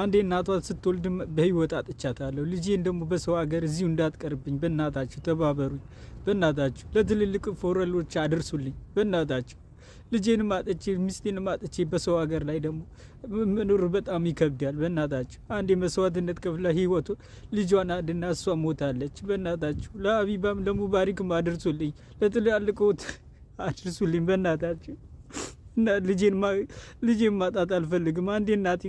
አንዴ እናቷ ስትወልድም በህይወት አጥቻታለሁ። ልጄን ደግሞ በሰው ሀገር እዚሁ እንዳትቀርብኝ በእናታችሁ ተባበሩኝ፣ በእናታችሁ ለትልልቅ ፎረሎች አድርሱልኝ፣ በእናታችሁ ልጄንም አጥቼ ሚስቴንም አጥቼ በሰው ሀገር ላይ ደግሞ መኖር በጣም ይከብዳል። በእናታችሁ አንዴ መስዋዕትነት ከፍላ ህይወቱ ልጇን አድና እሷ ሞታለች። በእናታችሁ ለአቢባም ለሙባሪክም አድርሱልኝ፣ ለትላልቆት አድርሱልኝ፣ በእናታችሁ ልጄን ማጣት አልፈልግም። አንዴ እናት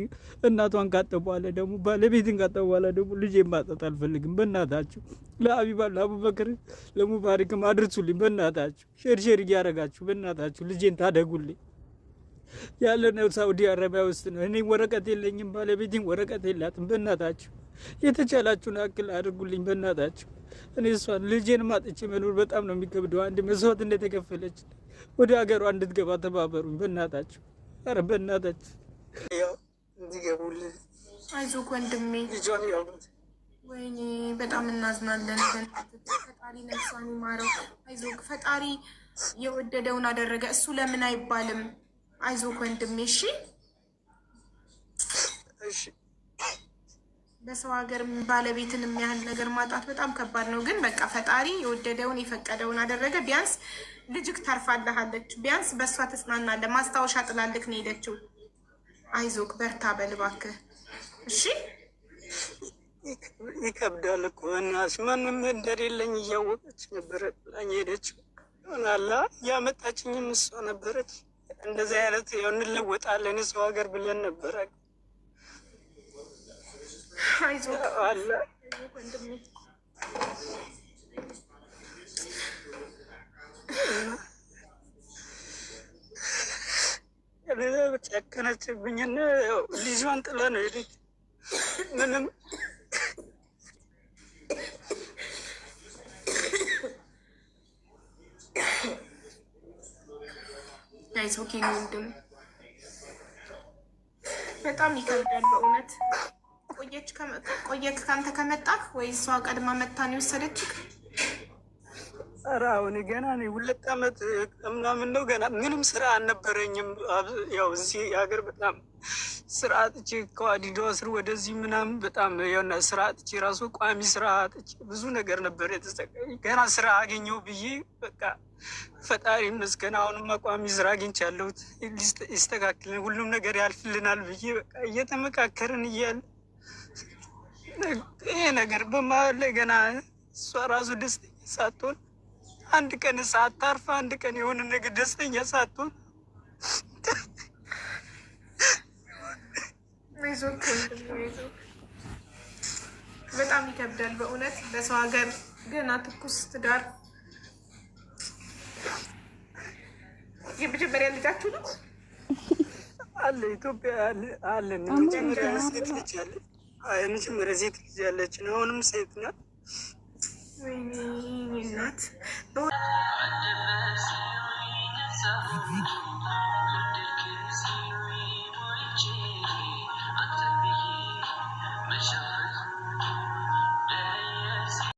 እናቷን በኋላ ደግሞ ባለቤትን በኋላ ደግሞ ልጄን ማጣት አልፈልግም። በእናታችሁ ለአቢባ ለአቡበክር ለሙባሪክም አድርሱልኝ። በእናታችሁ ሸርሸር እያደረጋችሁ በእናታችሁ ልጄን ታደጉልኝ። ያለነው ሳውዲ አረቢያ ውስጥ ነው። እኔ ወረቀት የለኝም፣ ባለቤትን ወረቀት የላትም። በእናታችሁ የተቻላችሁን አክል አድርጉልኝ በእናታችሁ። እኔ እሷን ልጄን ማጥቼ መኖር በጣም ነው የሚከብደው። አንድ መስዋዕት እንደተከፈለች ወደ ሀገሯ እንድትገባ ተባበሩኝ በእናታችሁ። አረ በእናታችሁ አይዞህ ወንድሜ። ወይኔ በጣም እናዝናለን። ፈጣሪ ነፍሷን ይማረው። አይዞህ ፈጣሪ የወደደውን አደረገ። እሱ ለምን አይባልም። አይዞህ ወንድሜ። እሺ እሺ በሰው ሀገር ባለቤትን የሚያህል ነገር ማጣት በጣም ከባድ ነው። ግን በቃ ፈጣሪ የወደደውን የፈቀደውን አደረገ። ቢያንስ ልጅክ ታርፋለሃለች። ቢያንስ በእሷ ተጽናናለ። ማስታወሻ ጥላልክ ነው ሄደችው። አይዞክ በርታ በልባክ እሺ። ይከብዳል እኮ እናስ ማንም እንደሌለኝ እያወቀች ነበረ ጥላኝ ሄደችው። ሆናላ ያመጣችኝም እሷ ነበረች። እንደዚህ አይነት ያው እንለወጣለን የሰው ሀገር ብለን ነበረ አይዞህ ሌላ ልጇን ጥላ ነው ሄደች። ምንም አይዞህ ወንድም፣ በጣም ይከብዳል በእውነት። ቆየክ ከአንተ ከመጣህ ወይ እሷ ቀድማ መታ ነው የወሰደች? ኧረ አሁን ገና እኔ ሁለት ዓመት ምናምን ነው ገና ምንም ስራ አልነበረኝም። ያው እዚህ ሀገር በጣም ስራ አጥቼ ከዋዲዶ ስር ወደዚህ ምናምን በጣም የሆነ ስራ አጥቼ ራሱ ቋሚ ስራ አጥቼ ብዙ ነገር ነበር የተሰቀኝ። ገና ስራ አገኘው ብዬ በቃ ፈጣሪ ይመስገን፣ አሁንማ ቋሚ ስራ አግኝቻለሁ። ይስተካክልን፣ ሁሉም ነገር ያልፍልናል ብዬ በቃ እየተመካከርን እያለ ይሄ ነገር በመሀል ላይ ገና እሷ ራሱ ደስተኛ ሳትሆን አንድ ቀን ሳታርፍ አንድ ቀን የሆነ ነገር ደስተኛ ሳትሆን በጣም ይከብዳል በእውነት ለሰው ሀገር ገና ትኩስ ትዳር የመጀመሪያ ልጃችሁ ነው አለ ኢትዮጵያ አለ አለ ልጅ አለ የመጀመሪያ ሴት ልጅ ነው። አሁንም ሴት ናት። ወይኔ